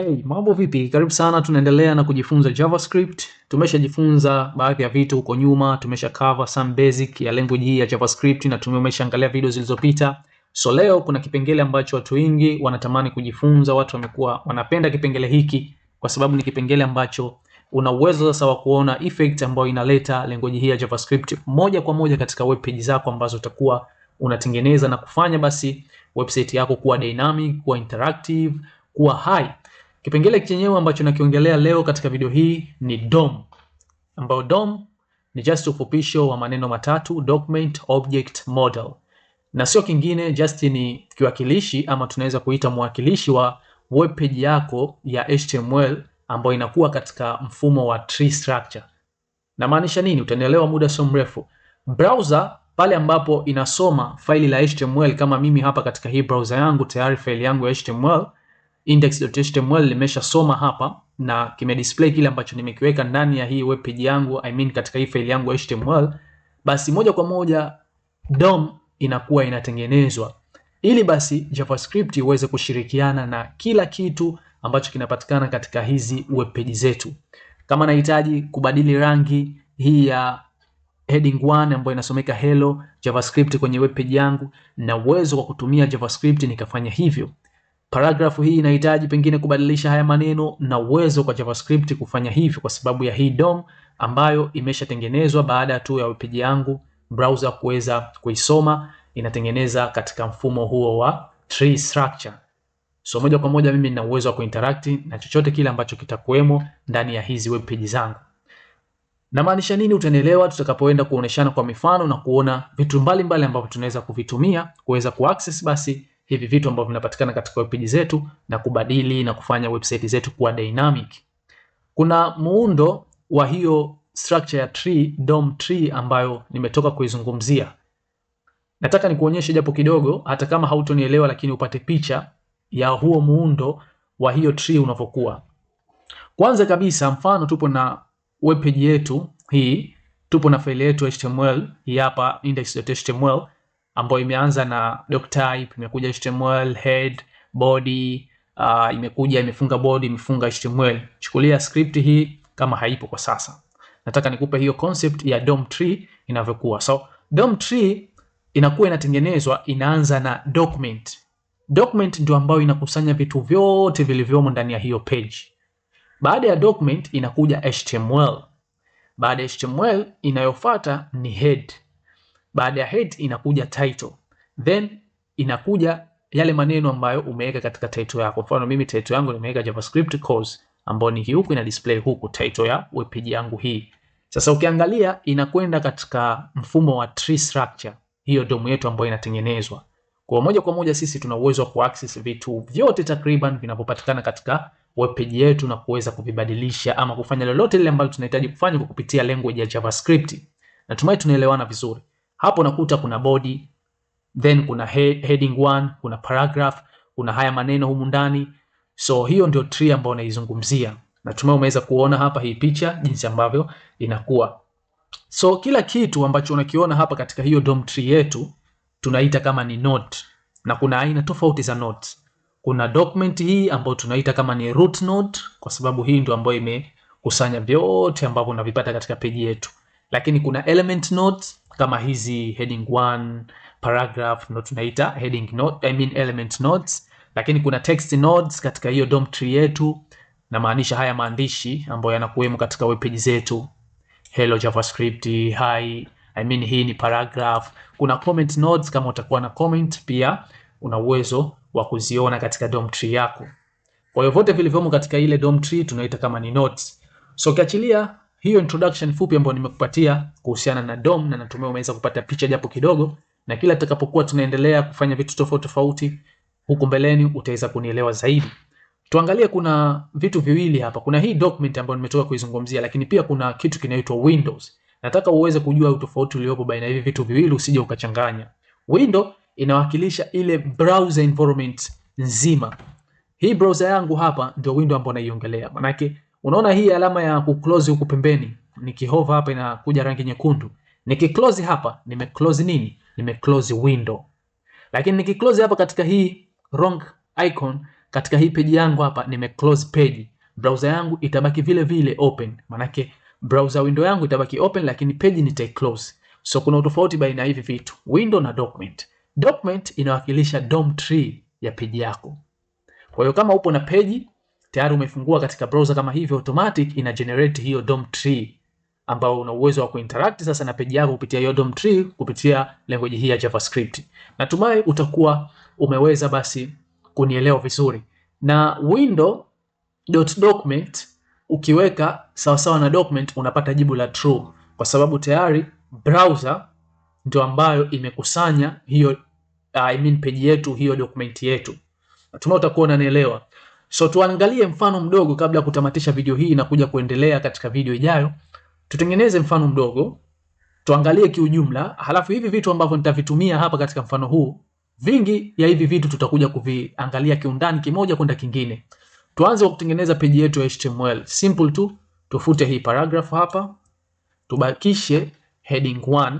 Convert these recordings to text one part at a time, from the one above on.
Hey, mambo vipi? Karibu sana, tunaendelea na kujifunza JavaScript. Tumeshajifunza baadhi ya vitu huko nyuma, tumesha cover some basic ya language hii ya JavaScript na tumeshaangalia video zilizopita. So leo kuna kipengele ambacho watu wengi wanatamani kujifunza, watu wamekuwa wanapenda kipengele hiki kwa sababu ni kipengele ambacho una uwezo sasa wa kuona effect ambayo inaleta language hii ya JavaScript moja kwa moja katika web page zako ambazo utakuwa unatengeneza na kufanya basi website yako kuwa dynamic, kuwa interactive, kuwa high Kipengele chenyewe ambacho nakiongelea leo katika video hii ni DOM, ambayo DOM ni just ufupisho wa maneno matatu document object model, na sio kingine, just ni kiwakilishi ama tunaweza kuita mwakilishi wa web page yako ya HTML ambayo inakuwa katika mfumo wa tree structure. Na maanisha nini? Utanielewa muda sio mrefu. Browser pale ambapo inasoma faili la HTML kama mimi hapa katika hii browser yangu tayari faili yangu ya HTML index.html limeshasoma hapa na kimedisplay kile ambacho nimekiweka ndani ya hii web page yangu, I mean katika hii file yangu HTML, basi moja kwa moja DOM inakuwa inatengenezwa ili basi JavaScript iweze kushirikiana na kila kitu ambacho kinapatikana katika hizi web page zetu. Kama nahitaji kubadili rangi hii ya heading 1 ambayo inasomeka hello JavaScript kwenye web page yangu, na uwezo wa kutumia JavaScript nikafanya hivyo. Paragrafu hii inahitaji pengine kubadilisha haya maneno na uwezo kwa JavaScript kufanya hivyo kwa sababu ya hii DOM ambayo imeshatengenezwa baada tu ya peji yangu browser kuweza kuisoma, inatengeneza katika mfumo huo wa tree structure. So moja kwa moja mimi nina uwezo wa kuinteract na chochote kile ambacho kitakuwemo ndani ya hizi web page zangu. Na maanisha nini utanielewa tutakapoenda kuoneshana kwa mifano na kuona vitu mbalimbali ambavyo tunaweza kuvitumia kuweza kuaccess basi hivi vitu ambavyo vinapatikana katika web page zetu na kubadili na kufanya website zetu kuwa dynamic. Kuna muundo wa hiyo structure ya tree, DOM tree ambayo nimetoka kuizungumzia. Nataka nikuonyeshe japo kidogo, hata kama hautonielewa, lakini upate picha ya huo muundo wa hiyo tree unavyokuwa. Kwanza kabisa, mfano tupo na web page yetu hii, tupo na faili yetu HTML hii hapa index.html ambayo imeanza na doctype, imekuja HTML, head, body, uh, imekuja imefunga body, imefunga HTML. Chukulia script hii kama haipo kwa sasa. Nataka nikupe hiyo concept ya DOM tree inavyokuwa. So DOM tree inakuwa inatengenezwa inaanza na document. Document ndio ambayo inakusanya vitu vyote vilivyomo ndani ya hiyo page. Baada ya document inakuja HTML. Baada ya HTML inayofuata ni head. Baada ya head inakuja title, then inakuja yale maneno ambayo umeweka katika title yako. Mfano mimi title yangu nimeweka JavaScript course, ambayo ni hii huku ina display huku title ya web yangu hii. Sasa ukiangalia inakwenda katika mfumo wa tree structure, hiyo domu yetu ambayo inatengenezwa kwa moja kwa moja. Sisi tuna uwezo wa kuaccess vitu vyote takriban vinavyopatikana katika web yetu na kuweza kuvibadilisha ama kufanya lolote lile ambalo tunahitaji kufanya kwa kupitia language ya JavaScript. Natumai tunaelewana vizuri. Hapo nakuta kuna body, then kuna he heading 1, kuna paragraph, kuna haya maneno humu ndani. So hiyo ndio tree ambayo naizungumzia. Natumai umeweza kuona hapa hii picha jinsi ambavyo inakuwa. So kila kitu ambacho unakiona hapa katika hiyo DOM tree yetu tunaita kama ni node na kuna aina tofauti za nodes. Kuna document hii ambayo tunaita kama ni root node kwa sababu hii ndio ambayo imekusanya vyote ambavyo unavipata katika peji yetu. Lakini kuna element nodes kama hizi heading 1 paragraph ndo tunaita heading note, I mean element notes, lakini kuna text nodes katika hiyo DOM tree yetu, na maanisha haya maandishi ambayo yanakuwemo katika web page zetu, hello javascript, hi I mean hii ni paragraph. Kuna comment nodes, kama utakuwa na comment pia una uwezo wa kuziona katika DOM tree yako. Kwa hiyo vote vilivyomo katika ile DOM tree tunaita kama ni nodes. So kiachilia hiyo introduction fupi ambayo nimekupatia kuhusiana na DOM na natumai umeweza kupata picha japo kidogo, na kila tutakapokuwa tunaendelea kufanya vitu tofauti tofauti huko mbeleni utaweza kunielewa zaidi. Tuangalie, kuna vitu viwili hapa. Kuna hii document ambayo nimetoka kuizungumzia, lakini pia kuna kitu kinaitwa Windows. Nataka uweze kujua utofauti uliopo baina ya hivi vitu viwili, usije ukachanganya. Window inawakilisha ile browser environment nzima. Hii browser yangu hapa ndio window ambayo naiongelea. manake Unaona hii alama ya kuclose huku pembeni, nikihova hapa inakuja rangi nyekundu. Nikiclose hapa, nimeclose nini? Nimeclose window. Lakini nikiclose hapa katika hii wrong icon, katika hii page yangu hapa, nimeclose page. Browser yangu itabaki vile vile open. Manake browser window yangu itabaki open, lakini page nitaiclose. So kuna utofauti baina hivi vitu, window na document. Document inawakilisha DOM tree ya page yako. Kwa hiyo kama upo na page tayari umefungua katika browser kama hivyo, automatic ina generate hiyo DOM tree ambao una uwezo wa kuinteract sasa na page yako kupitia hiyo DOM tree kupitia language hii ya JavaScript. Natumai utakuwa umeweza basi kunielewa vizuri. Na window.document ukiweka sawa sawa na document unapata jibu la true kwa sababu tayari browser ndio ambayo imekusanya hiyo I mean page yetu hiyo document yetu. Natumai utakuwa unanielewa. So tuangalie mfano mdogo kabla ya kutamatisha video hii na kuja kuendelea katika video ijayo. Tutengeneze mfano mdogo, tuangalie kiujumla, halafu hivi vitu ambavyo nitavitumia hapa katika mfano huu, vingi ya hivi vitu tutakuja kuviangalia kiundani kimoja kwenda kingine. Tuanze kwa kutengeneza page yetu ya HTML. Simple tu, tufute hii paragraph hapa. Tubakishe heading 1.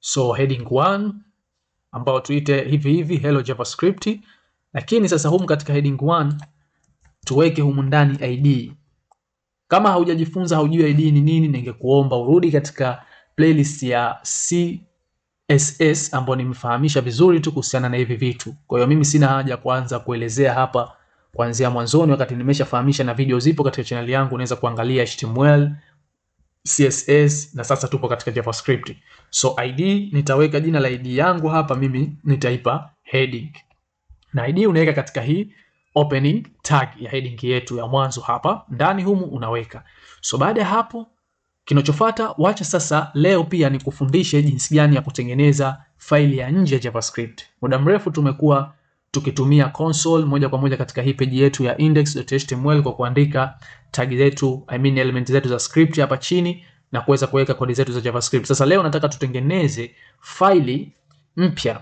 So heading 1 ambao tuite hivi hivi hello JavaScript. Lakini sasa humu katika heading 1 tuweke humu ndani ID. Kama haujajifunza haujui ID ni nini, ningekuomba urudi katika playlist ya CSS ambayo nimefahamisha vizuri tu kuhusiana na hivi vitu. Kwa hiyo mimi sina haja kuanza kuelezea hapa kuanzia mwanzoni, wakati nimeshafahamisha na video zipo katika channel yangu, unaweza kuangalia HTML, CSS na sasa tupo katika JavaScript. So ID nitaweka jina la ID yangu hapa, mimi nitaipa heading na id unaweka katika hii opening tag ya heading yetu ya mwanzo hapa ndani humu unaweka. So baada ya hapo, kinachofuata wacha sasa leo pia nikufundishe jinsi gani ya kutengeneza faili ya nje ya JavaScript. Muda mrefu tumekuwa tukitumia console moja kwa moja katika hii page yetu ya index.html kwa kuandika tag zetu, I mean element zetu za script hapa chini na kuweza kuweka kodi zetu za JavaScript. Sasa leo nataka tutengeneze faili mpya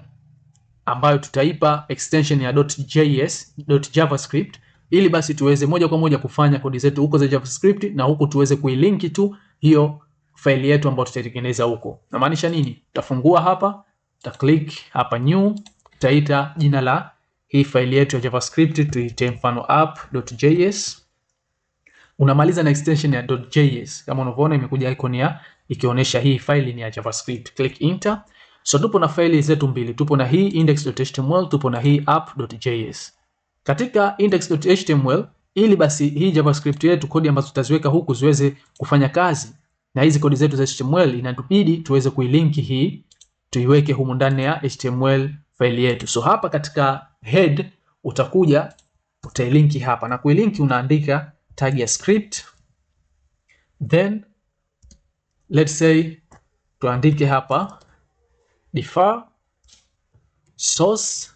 ambayo tutaipa extension ya .js, .javascript ili basi tuweze moja kwa moja kufanya kodi zetu huko za JavaScript na huko tuweze kuilinki tu hiyo faili yetu ambayo tutaitengeneza huko. Na nini? Tutafungua hapa, tuta click hapa new, tutaita jina la hii faili yetu ya JavaScript tuite mfano app.js. Unamaliza na extension ya .js. Kama unavyoona imekuja icon ya ikionyesha hii faili ni ya JavaScript. Click enter. So tupo na faili zetu mbili, tupo na hii index.html, tupo na hii app.js. Katika index.html ili basi hii JavaScript yetu kodi ambazo tutaziweka huku ziweze kufanya kazi na hizi kodi zetu za HTML inatubidi tuweze kuilinki hii tuiweke humu ndani ya HTML faili yetu. So hapa katika head utakuja utailinki hapa na kuilinki unaandika tag ya script then let's say tuandike hapa defer source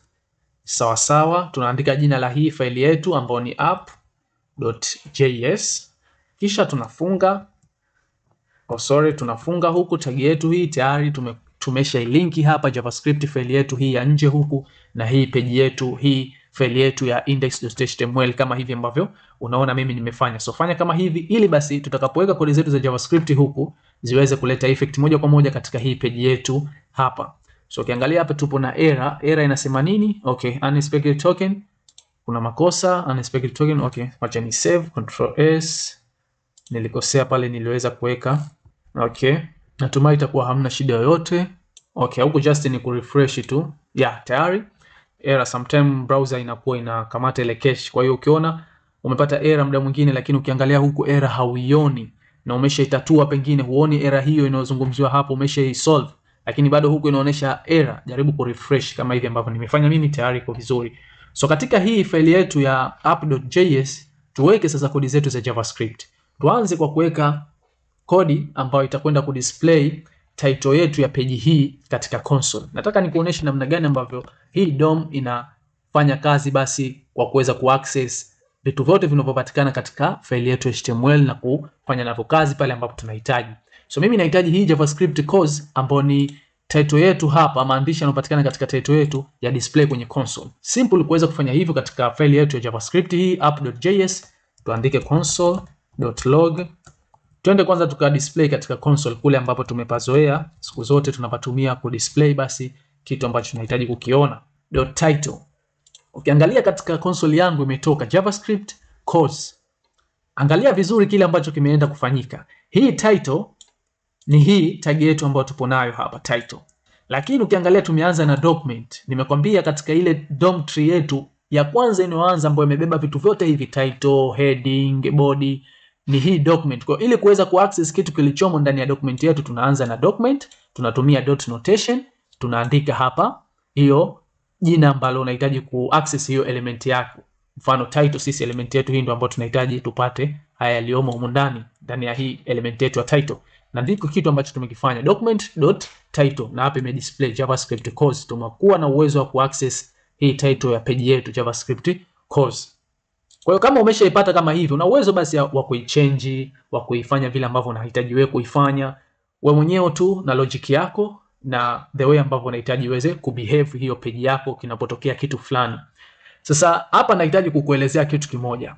sawasawa, tunaandika jina la hii faili yetu ambayo ni app.js, kisha tunafunga oh, sorry, tunafunga huku tagi yetu hii tayari tume, tumesha ilinki hapa javascript faili yetu hii ya nje huku na hii peji yetu hii faili yetu ya index.html kama hivi ambavyo unaona mimi nimefanya. So fanya kama hivi, ili basi tutakapoweka kodi zetu za javascript huku ziweze kuleta effect moja kwa moja katika hii page yetu hapa. So ukiangalia hapa tupo na error. Error inasema nini? Okay, unexpected token. Kuna makosa unexpected token. Okay, wacha ni save control s. Nilikosea pale niliweza kuweka. Okay. Natumai itakuwa hamna shida yoyote. Okay, huko just ni ku refresh tu. Yeah, tayari. Error sometime browser inakuwa inakamata ile cache. Kwa hiyo ukiona umepata error muda mwingine, lakini ukiangalia huku error hauioni na umeshaitatua, pengine huoni error hiyo inayozungumziwa hapo, umeshaisolve lakini bado huku inaonyesha error, jaribu ku refresh kama hivi ambavyo nimefanya mimi, tayari iko vizuri. So katika hii faili yetu ya app.js tuweke sasa kodi zetu za JavaScript. Tuanze kwa kuweka kodi ambayo itakwenda ku display title yetu ya peji hii katika console. Nataka nikuoneshe namna gani ambavyo hii DOM inafanya kazi basi kwa kuweza ku access vitu vyote vinavyopatikana katika faili yetu HTML na kufanya navyo kazi pale ambapo tunahitaji. So mimi nahitaji hii JavaScript course ambayo ni title yetu hapa, maandishi yanayopatikana katika title yetu ya display kwenye console. Simple kuweza kufanya hivyo katika faili yetu ya JavaScript hii app.js, tuandike console.log. Twende kwanza tuka display katika console kule ambapo tumepazoea siku zote tunapatumia ku display basi kitu ambacho tunahitaji kukiona. Dot .title Ukiangalia katika console yangu imetoka JavaScript course. Angalia vizuri kile ambacho kimeenda kufanyika. Hii title ni hii tag yetu ambayo tupo nayo hapa title. Lakini ukiangalia tumeanza na document. Nimekwambia katika ile DOM tree yetu ya kwanza inayoanza ambayo imebeba vitu vyote hivi title, heading, body ni hii document. Kwa ili kuweza kuaccess kitu kilichomo ndani ya document yetu tunaanza na document, tunatumia dot notation, tunaandika hapa hiyo jina ambalo unahitaji ku access hiyo element yako. Mfano title, sisi element yetu hii ndio ambayo tunahitaji tupate haya yaliyomo humu ndani ndani ya hii element yetu ya title, na ndiko kitu ambacho tumekifanya document.title, na hapa imedisplay javascript course. Tumekuwa na uwezo wa ku access hii title ya page yetu javascript course. Kwa hiyo kama umeshaipata kama hivi, una uwezo basi wa kuichange, wa kuifanya vile ambavyo unahitaji wewe kuifanya wewe mwenyewe tu na logic yako na the way ambavyo unahitaji uweze kubehave hiyo peji yako kinapotokea kitu fulani. Sasa hapa nahitaji kukuelezea kitu kimoja.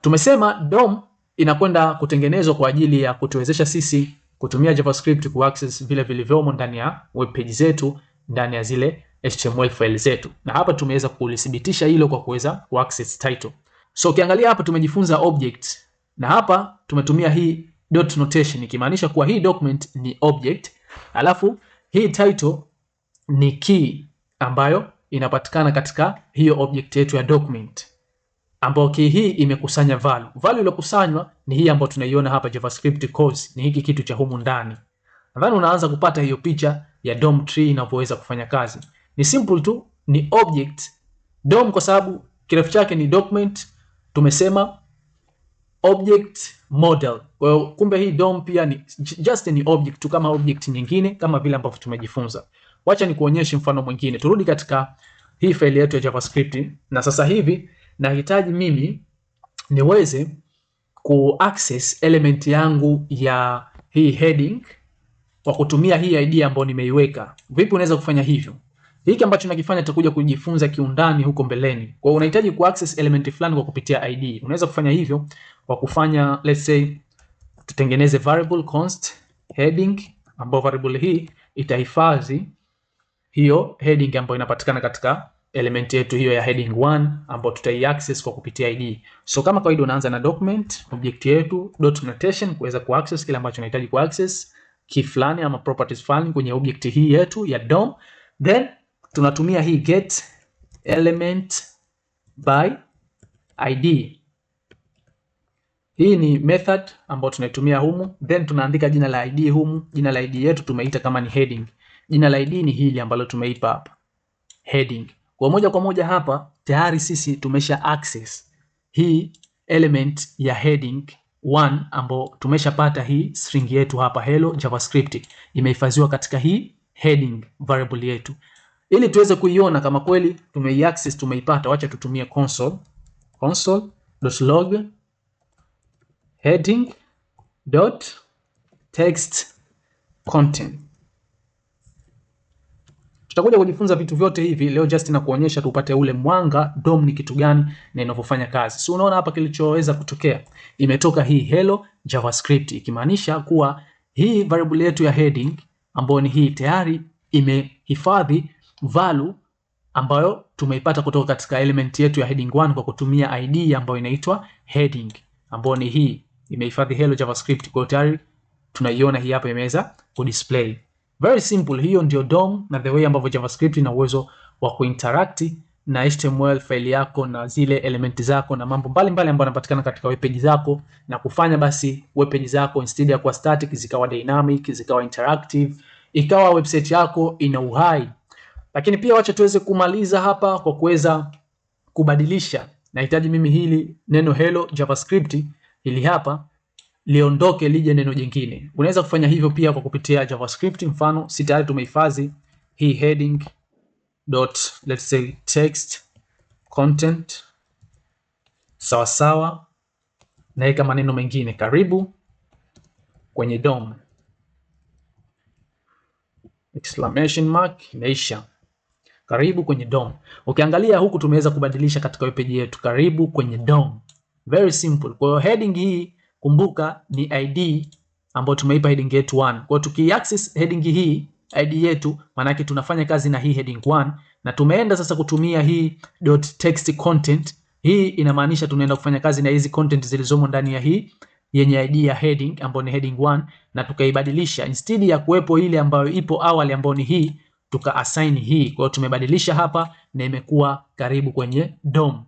Tumesema DOM inakwenda kutengenezwa kwa ajili ya kutuwezesha sisi kutumia JavaScript ku access vile vilivyomo ndani ya web page zetu, ndani ya zile HTML file zetu, na hapa tumeweza kulithibitisha hilo kwa kuweza ku access title. So ukiangalia hapa tumejifunza object, na hapa tumetumia hii dot notation, ikimaanisha kuwa hii document ni object alafu hii title ni key ambayo inapatikana katika hiyo object yetu ya document ambayo key hii imekusanya value. Value iliyokusanywa ni hii ambayo tunaiona hapa JavaScript course, ni hiki kitu cha humu ndani. Nadhani unaanza kupata hiyo picha ya DOM tree inavyoweza kufanya kazi. Ni simple tu, ni object DOM kwa sababu kirefu chake ni document, tumesema object model. Kwa hiyo kumbe hii DOM pia ni just ni object tu kama object nyingine kama vile ambavyo tumejifunza. Wacha ni kuonyeshe mfano mwingine. Turudi katika hii faili yetu ya JavaScript na sasa hivi nahitaji mimi niweze ku access element yangu ya hii heading kwa kutumia hii ID ambayo nimeiweka. Vipi unaweza kufanya hivyo? Hiki ambacho tunakifanya tutakuja kujifunza kiundani huko mbeleni. Kwa hiyo unahitaji ku access element fulani kwa kupitia ID. Unaweza kufanya hivyo kwa kufanya let's say tutengeneze variable const heading ambayo variable hii itahifadhi hiyo heading ambayo inapatikana katika element yetu hiyo ya heading 1 ambayo tutai access kwa kupitia id. So kama kawaida, unaanza na document object yetu dot notation kuweza ku access kile ambacho unahitaji ku access key fulani ama properties fulani kwenye object hii yetu ya DOM, then tunatumia hii get element by id hii ni method ambayo tunaitumia humu, then tunaandika jina la id humu. Jina la id yetu tumeita kama ni heading. Jina la id ni hili ambalo tumeipa hapa heading. Kwa moja kwa moja hapa tayari sisi tumesha access hii element ya heading 1 ambao tumeshapata hii string yetu hapa hello javascript imehifadhiwa katika hii heading variable yetu. Ili tuweze kuiona kama kweli tumeiaccess tumeipata, wacha tutumie console console.log heading dot text content. Tutakuja kujifunza vitu vyote hivi leo just na kuonyesha tupate ule mwanga DOM ni kitu gani na inavyofanya kazi. So unaona hapa kilichoweza kutokea. Imetoka hii hello JavaScript ikimaanisha kuwa hii variable yetu ya heading ambayo ni hii tayari imehifadhi value ambayo tumeipata kutoka katika element yetu ya heading 1 kwa kutumia ID ambayo inaitwa heading ambayo ni hii imehifadhi hello javascript. Kwa tayari tunaiona hii hapa imeweza ku display Very simple, hiyo ndio DOM na the way ambavyo javascript ina uwezo wa kuinteract na HTML file yako na zile element zako na mambo mbalimbali ambayo yanapatikana katika web page zako na kufanya basi web page zako instead ya kuwa static zikawa dynamic, zikawa interactive, ikawa website yako ina uhai. Lakini pia wacha tuweze kumaliza hapa kwa kuweza kubadilisha. Nahitaji mimi hili neno hello javascript hili hapa liondoke lije neno jingine. Unaweza kufanya hivyo pia kwa kupitia JavaScript. Mfano, si tayari tumehifadhi hii heading dot let's say text content sawa sawa, naweka maneno mengine karibu kwenye DOM exclamation mark naisha karibu kwenye DOM. Ukiangalia huku tumeweza kubadilisha katika webpage yetu, karibu kwenye DOM. Very simple. Kwa hiyo heading hii kumbuka ni id ambayo tumeipa heading yetu 1. Kwa hiyo tukiaccess heading hii id yetu, maana tunafanya kazi na hii heading 1 na tumeenda sasa kutumia hii dot text content. Hii inamaanisha tunaenda kufanya kazi na hizi content zilizomo ndani ya hii yenye id ya heading ambayo ni heading 1 na tukaibadilisha instead ya kuwepo ile ambayo ipo awali ambayo ni hii tuka assign hii. Kwa hiyo tumebadilisha hapa na imekuwa karibu kwenye DOM.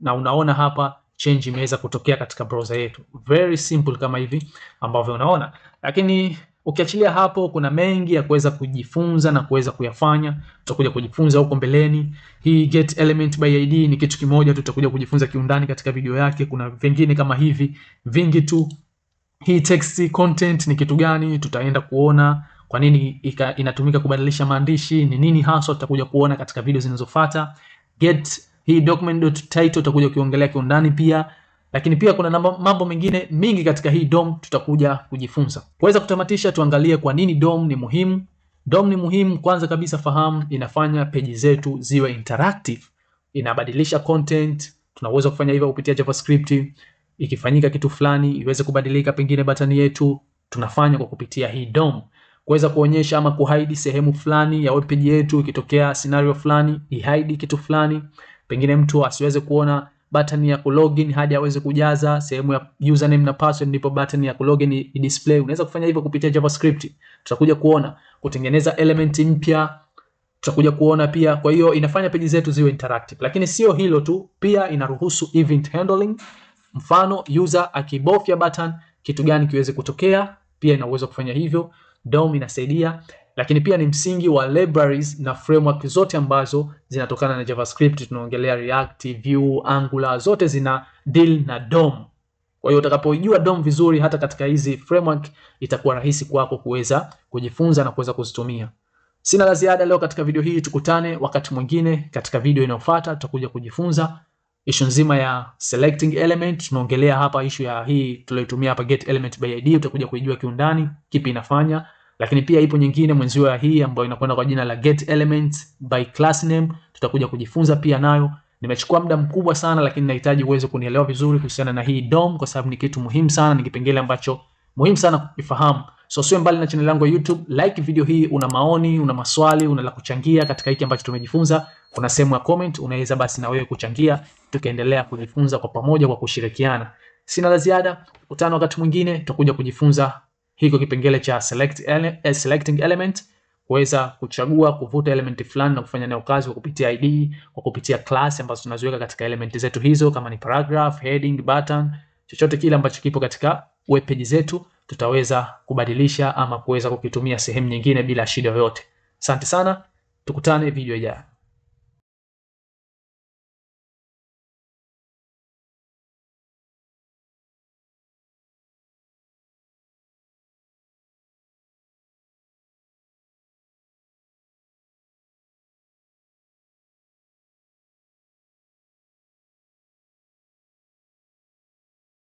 Na unaona hapa change imeweza kutokea katika browser yetu. Very simple kama hivi ambavyo unaona. Lakini ukiachilia hapo, kuna mengi ya kuweza kujifunza na kuweza kuyafanya. Tutakuja kujifunza huko mbeleni. Hii get element by id ni kitu kimoja tutakuja kujifunza kiundani katika video yake. Kuna vingine kama hivi vingi tu. Hii text content ni kitu gani? Tutaenda kuona kwa nini inatumika kubadilisha maandishi, ni nini haswa, tutakuja kuona katika video zinazofuata. Get hii document dot title tutakuja kuiongelea kiundani pia, lakini pia kuna namba, mambo mengine mingi katika hii DOM tutakuja kujifunza. Kuweza kutamatisha, tuangalie kwa nini DOM ni muhimu. DOM ni muhimu, kwanza kabisa fahamu, inafanya peji zetu ziwe interactive, inabadilisha content. Tunaweza kufanya hivyo kupitia JavaScript, ikifanyika kitu fulani iweze kubadilika, pengine batani yetu tunafanya kwa kupitia hii DOM kuweza kuonyesha ama kuhide sehemu fulani ya webpage yetu, ikitokea scenario fulani ihide kitu fulani. Pengine mtu asiweze kuona button ya kulogin hadi aweze kujaza sehemu ya username na password, ndipo button ya kulogin i display. Unaweza kufanya hivyo kupitia JavaScript, tutakuja kuona kutengeneza element mpya, tutakuja kuona pia. Kwa hiyo inafanya page zetu ziwe interactive, lakini sio hilo tu, pia inaruhusu event handling. Mfano user akibofya button kitu gani kiweze kutokea, pia ina uwezo kufanya hivyo. DOM inasaidia lakini pia ni msingi wa libraries na framework zote ambazo zinatokana na JavaScript. Tunaongelea React, Vue, Angular, zote zina deal na DOM. Kwa hiyo utakapojua DOM vizuri, hata katika hizi framework itakuwa rahisi kwako kuweza kujifunza na kuweza kuzitumia. Sina la ziada leo katika video hii, tukutane wakati mwingine katika video inayofuata. Tutakuja kujifunza ishu nzima ya selecting element. Tunaongelea hapa ishu ya hii tulioitumia hapa get element by id, utakuja kujua kiundani kipi inafanya lakini pia ipo nyingine mwenzio ya hii ambayo inakwenda kwa jina la get element by class name, tutakuja kujifunza pia nayo. Nimechukua muda mkubwa sana, lakini nahitaji uweze kunielewa vizuri kuhusiana na hii DOM, kwa sababu ni kitu muhimu sana, ni kipengele ambacho muhimu sana kukifahamu. So sio mbali na channel yangu ya YouTube, like video hii. Una maoni, una maswali, una la kuchangia katika hiki ambacho tumejifunza, kuna sehemu ya comment, unaweza basi na wewe kuchangia, tukaendelea kujifunza kwa pamoja kwa kushirikiana. Sina la ziada, kutana wakati mwingine, tutakuja kujifunza hiko kipengele cha select ele, eh, selecting element kuweza kuchagua kuvuta element fulani na kufanya nayo kazi kwa kupitia ID, kwa kupitia class ambazo tunaziweka katika element zetu hizo, kama ni paragraph, heading, button, chochote kile ambacho kipo katika web page zetu tutaweza kubadilisha ama kuweza kukitumia sehemu nyingine bila shida yoyote. Asante sana, tukutane video ijayo.